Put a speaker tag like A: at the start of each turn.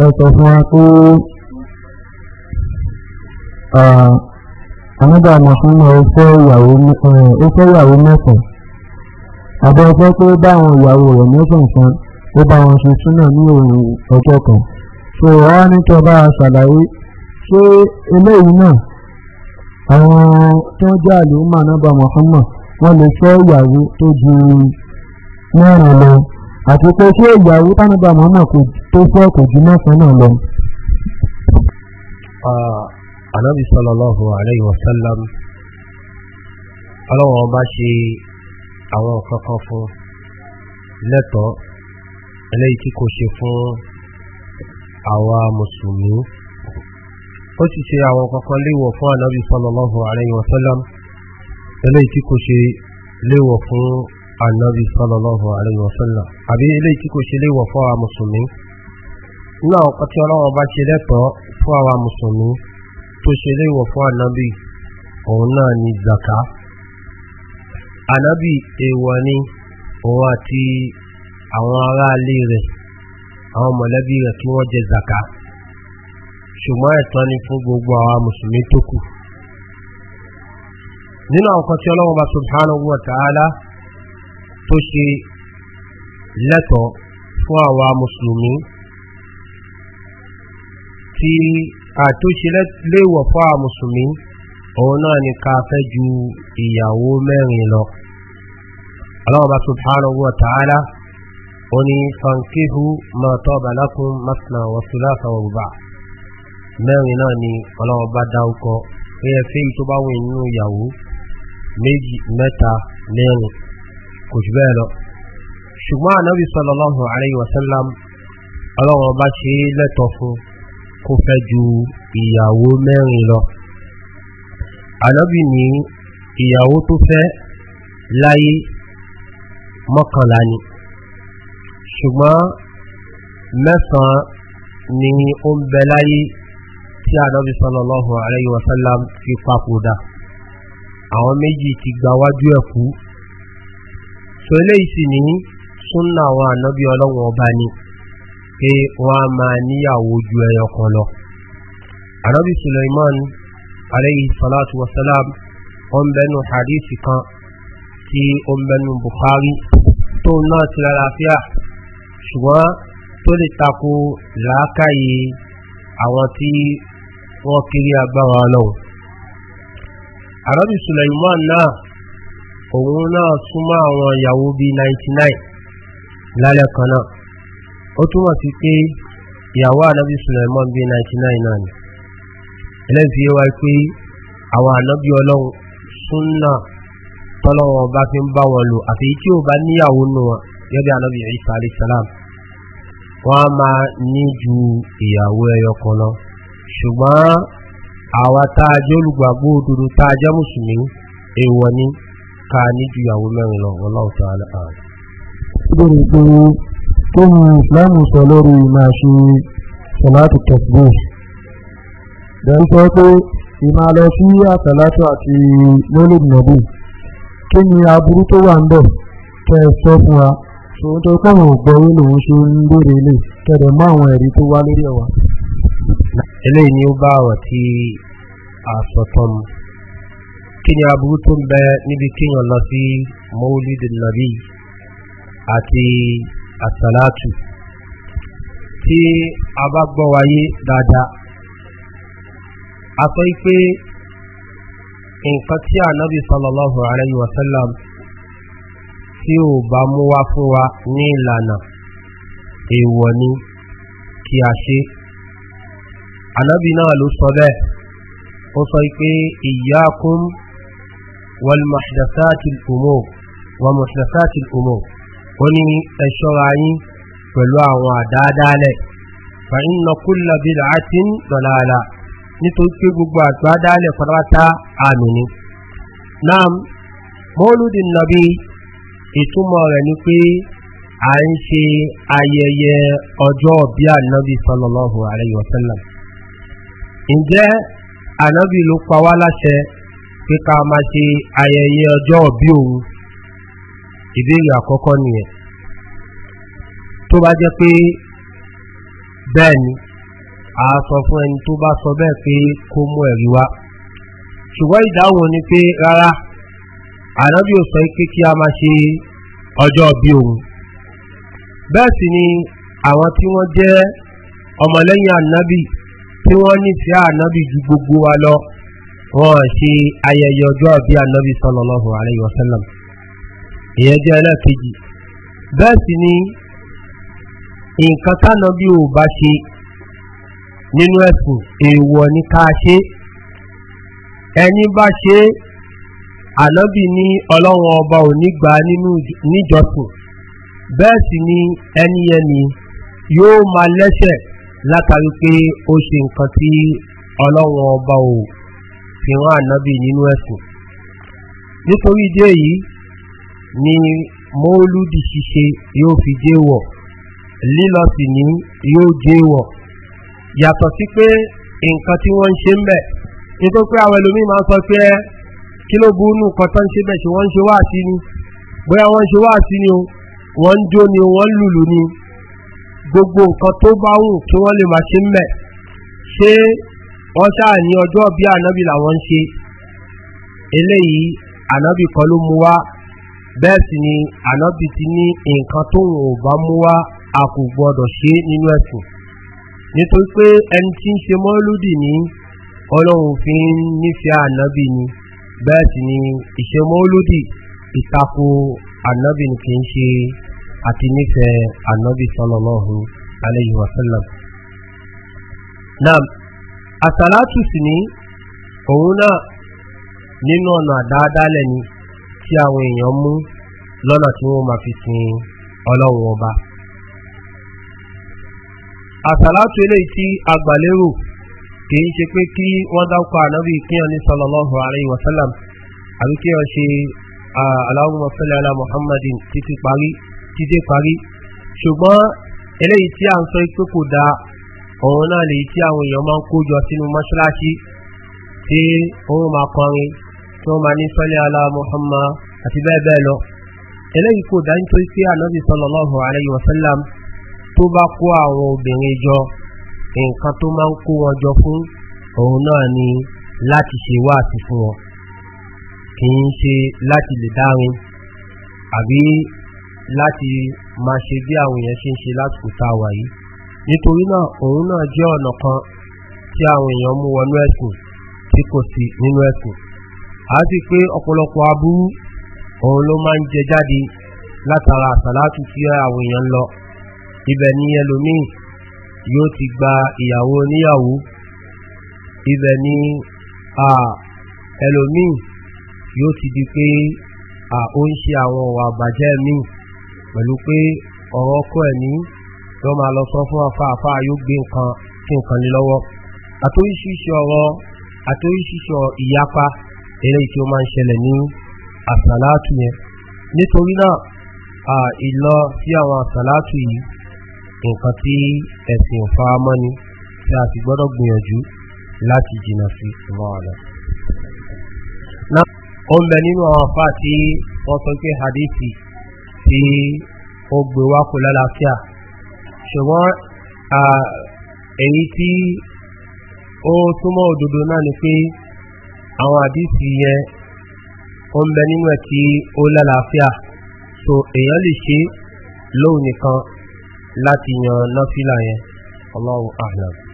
A: wọ́n sọ fún wa pé àmúgbà mọ̀sánmọ̀ ó fẹ́ ìyàwó mẹ́sàn-án àbọ̀ ọjọ́ pé báwọn ìyàwó rẹ̀ mẹ́sàn-án ó bá wọn ṣe súnà ní òru ọjọ́ kan so wá ní tó bá a ṣàlàyé ṣé eléyìí náà àwọn tó jẹ́ àlùmọ̀ náà bá mọ̀sánmọ̀ wọ́n lè fẹ́ ìyàwó tó ju mẹ́rin lọ àti pé ṣé ìyàwó tánàbà màmá kò tó fẹ́ kò ju mẹ́sàn-án náà lọ.
B: anabi sallallahu alayhi wa sallam ọlọ́wọ́n bá ṣe àwọn kankan fún lẹ́tọ̀ọ́ eléyìí tí kò ṣe fún àwa mùsùlùmí ó sì ṣe àwọn kankan léwọ̀ fún anabi sallallahu alayhi wa sallam eléyìí tí kò ṣe léwọ̀ fún anabi sallallahu alayhi wa sallam àbí ilé tí kò ṣe lè wọ̀ fún àwa mùsùlùmí nínú àwọn ọkọ̀ tí ọlọ́wọ́ bá ṣe lẹ́tọ̀ọ́ fún àwa mùsùlùmí tó ṣe lè wọ̀ fún anabi òun náà ni zaka anabi èèwọ̀ ni òun àti àwọn ará alé rẹ̀ àwọn mọ̀lẹ́bí rẹ̀ kí wọ́n jẹ zaka ṣùgbọ́n ẹ̀tọ́ ni fún gbogbo àwa mùsùlùmí tó kù nínú àwọn ọkọ̀ tí ọlọ́wọ́ bá subhanahu wa ta'ala tó ṣe lẹ́tọ̀ fún àwa musulmi tí a tó ṣe léwọ̀ fún àwa musulmi òun náà ni ká fẹ́ ju ìyàwó mẹ́rin lọ aláwọ̀bá subhanahu wa ta'ala oni fankihu ma tọ́ba lákún masna wasu láta wọ̀rùbá mẹ́rin náà ni ọlọ́ọ̀bá dáúkọ pé ẹfẹ́ ìtọ́báwọ̀ inú ìyàwó méjì mẹ́ta mẹ́rin kò jù bẹ́ẹ̀ lọ ṣùgbọ́n ànábì sallallahu alayhi wa sallam ọlọ́wọ́n bá ṣe lẹ́tọ̀ fún kó fẹ́ ju ìyàwó mẹ́rin lọ ànábì ní ìyàwó tó fẹ́ láyé mọ́kànlá ni ṣùgbọ́n mẹ́sàn ni ó ń bẹ láyé tí ànábì sallallahu alayhi wa sallam fi papòdà àwọn méjì ti gbawájú ẹ̀kú so eléyìí sì ní súnà àwọn ànábí ọlọ́wọ̀n ọba ni pé wọ́n a máa níyàwó ju ẹyọ kan lọ ànábí suleiman alayhi salatu wasalam wọ́n bẹnu hadisi kan tí ó ń bẹnu buhari tó náà ti lálàáfíà ṣùgbọ́n tó lè tako làákàyè àwọn tí wọ́n kiri agbára ọlọ́run ànábí suleiman náà òun náà súnmọ́ àwọn ìyàwó bí 99 lálẹ́ kan náà ó túnmọ̀ sí pé ìyàwó ànábí suleiman bí 99 náà ni ẹlẹ́fi wá pé àwọn ànábí ọlọ́run súnà tọ́lọ́wọ́n bá fi ń bá wọn lò àfi tí ó bá níyàwó nù wọn gẹ́gẹ́ ànábí isa alayhisalam wọ́n á máa ní ju ìyàwó ẹyọ kan lọ ṣùgbọ́n àwa tá a jẹ́ olùgbàgbọ́ òdodo tá a jẹ́ mùsùlùmí èèwọ̀ ni ká ní ju ìyàwó mẹ́rin lọ ọlọ́run tó alẹ́ àrùn.
A: ìbéèrè pé kí ni islam sọ lórí máa ṣe sọláàtì tẹ̀síbù dẹ́n sọ pé ìmọ̀ lọ sí àtàlátò àti lólùd nàbù kí ni aburú tó wà ń bẹ̀ kẹ́ ẹ sọ fún wa tòun tó pọ̀ gbọ́ yín lòun ṣe ń béèrè lè kẹ̀dẹ̀ mọ́ àwọn ẹ̀rí tó wá lórí ẹ̀wà.
B: eléyìí ni ó bá ọ̀rọ̀ tí a sọ tán kí ni aburú tó ń bẹ níbi kíyàn lọ sí mọ́wúlídì nàbí àti àsàlátù tí a bá gbọ́ wáyé dáadáa a sọ pé nǹkan tí ànábì sallallahu alayhi wa sallam tí ò bá mú wá fún wa ní ìlànà èèwọ̀ ni kí a ṣe ànábì náà ló sọ bẹ́ẹ̀ ó sọ pé ìyá kún والمحدثات الأمور ومحدثات الأمور وني الشرعي فلوا ودادالة فإن كل بدعة ضلالة نتوكي بقبات ودالة فراتا آمين نعم مولود النبي ìtumọ̀ rẹ̀ ni pé a ń ṣe ayẹyẹ ọjọ́ bí ànábì sọlọ́lọ́hùn àrẹ yọ̀sẹ́lẹ̀ ǹjẹ́ ànábì ló pa wá láṣẹ pé ká máa ṣe ayẹyẹ ọjọ́ bí òun ìbéèrè àkọ́kọ́ nìyẹn tó bá jẹ́ pé bẹ́ẹ̀ ni a sọ fún ẹni tó bá sọ bẹ́ẹ̀ pé kó mú ẹ̀rí wá ṣùgbọ́n ìdáhùn ni pé rárá ànábì ò sọ pé kí a máa ṣe ọjọ́ bí òun bẹ́ẹ̀ sì ni àwọn tí wọ́n jẹ́ ọmọlẹ́yìn ànábì tí wọ́n nífẹ̀ẹ́ ànábì ju gbogbo wa lọ wọ́n ṣe ayẹyẹ ọjọ́ àbí ànábì sallallahu alayhi wa sallam ìyẹn jẹ́ ẹlẹ́ẹ̀kejì bẹ́ẹ̀ sì ni nǹkan tánà ò bá ṣe nínú ẹ̀sùn èèwọ̀ ní ká ṣe ẹni bá ṣe ànábì ní ọlọ́run ọba ò ní gbà nínú bẹ́ẹ̀ sì ni ẹni ni yóò máa látàrí pé ó ṣe nǹkan tí ọlọ́run ọba ò fi rán ànábì nínú ẹ̀sìn nítorí dé yìí ni mọ́lúdì ṣíṣe yóò fi jẹ́wọ̀ lílọ sí ní yóò jẹ́wọ̀ yàtọ̀ sí pé nǹkan tí wọ́n ń ṣe ń bẹ̀ nítorí pé àwọn ẹlòmíì máa ń sọ pé kí ló burú nù kan tán ṣe bẹ̀ ṣe wọ́n ń ṣe wáàsí ni bóyá wọ́n ń ṣe wáàsí ni o wọ́n ń jó ni wọ́n ń lùlù ni gbogbo nǹkan tó bá wù kí wọ́n lè máa ṣe ń bẹ̀ ṣé wọ́n sáà ní ọjọ́ bí ànábì làwọn ń ṣe eléyìí ànábì kan ló mú wá bẹ́ẹ̀ sì ni ànábì ti ní nǹkan tó ń bá mú wá a kò gbọ́dọ̀ ṣe nínú ẹ̀sìn nítorí pé ẹni tí ń ṣe mọ́lúdì ní ọlọ́run fi ń nífẹ̀ẹ́ ànábì ni bẹ́ẹ̀ sì ni ìṣe mọ́lúdì ìtako ànábì ni kì í ṣe àti nífẹ̀ẹ́ ànábì sọlọ́lọ́hùn aléyìnwàsálàm náà àsàlátù sì ní òun náà nínú ọ̀nà àdáadáalẹ̀ ni tí àwọn èèyàn mú lọ́nà tí wọ́n ma fi sin ọlọ́run ọba àsàlátù eléyìí tí agbàlérò kìí ṣe pé kí wọ́n dákọ̀ ànábì kíyàn ní sọlọ́lọ́hù àríyìn wasalam àbí kíyàn ṣe aláwọ̀ muhammadin títí parí ṣùgbọ́n eléyìí tí à ń sọ pé kò dáa òun náà lè tí àwọn èèyàn máa ń kójọ sínú mọ́ṣáláṣí tí òun máa kọrin tí wọ́n máa ní sọ́lẹ̀ ala muhammad àti bẹ́ẹ̀ bẹ́ẹ̀ lọ eléyìí kò dá nítorí pé ànábì sọlọ́lọ́hù aláyé wasallam tó bá kó àwọn obìnrin jọ nǹkan tó máa ń kó wọn jọ fún òun náà ni láti ṣe wáàsí fún wọn kì í ṣe láti lè dárin àbí láti máa ṣe bí àwọn èèyàn ṣe ń ṣe lásìkò tá a wà yìí nítorí náà òun náà jẹ́ ọ̀nà kan tí àwọn èèyàn mú wọnú ẹ̀sìn tí kò sí nínú ẹ̀sìn a sì pé ọ̀pọ̀lọpọ̀ aburú òun ló máa ń jẹ jáde látara àsàlátù tí àwọn èèyàn lọ ibẹ̀ ni ẹlòmíì yóò ti gba ìyàwó oníyàwó ibẹ̀ ni ẹlòmíì yóò ti di pé ó ń ṣe àwọn ọ̀wà àbàjẹ́ míì pẹ̀lú pé ọ̀rọ̀ ọkọ̀ ẹ̀ yóò máa lọ sọ fún afá afá yóò gbé nǹkan tí nǹkan lé lọ́wọ́ àtoríṣiṣi ọ̀rọ̀ àtoríṣiṣi ìyapa eré tí ó máa ń ṣẹlẹ̀ ní àsàlátù yẹn nítorí náà ìlọ sí àwọn àsàlátù yìí nǹkan tí ẹ̀sìn ìfaramọ́ ni tí a sì gbọ́dọ̀ gbìyànjú láti jìnà sí ìmọ̀ọ̀lọ́ ó ń bẹ nínú àwọn afá tí wọ́n sọ pé hadithi tí ó gbé wá lálàáfíà ṣùgbọ́n èyí tí ó túnmọ̀ òdòdó náà ni pé àwọn àdísì yẹn ó ń bẹ nínú ẹ̀ tí ó lálàáfíà so èèyàn lè ṣe lóun nìkan láti yan náfìlà yẹn ọlọ́run àhàn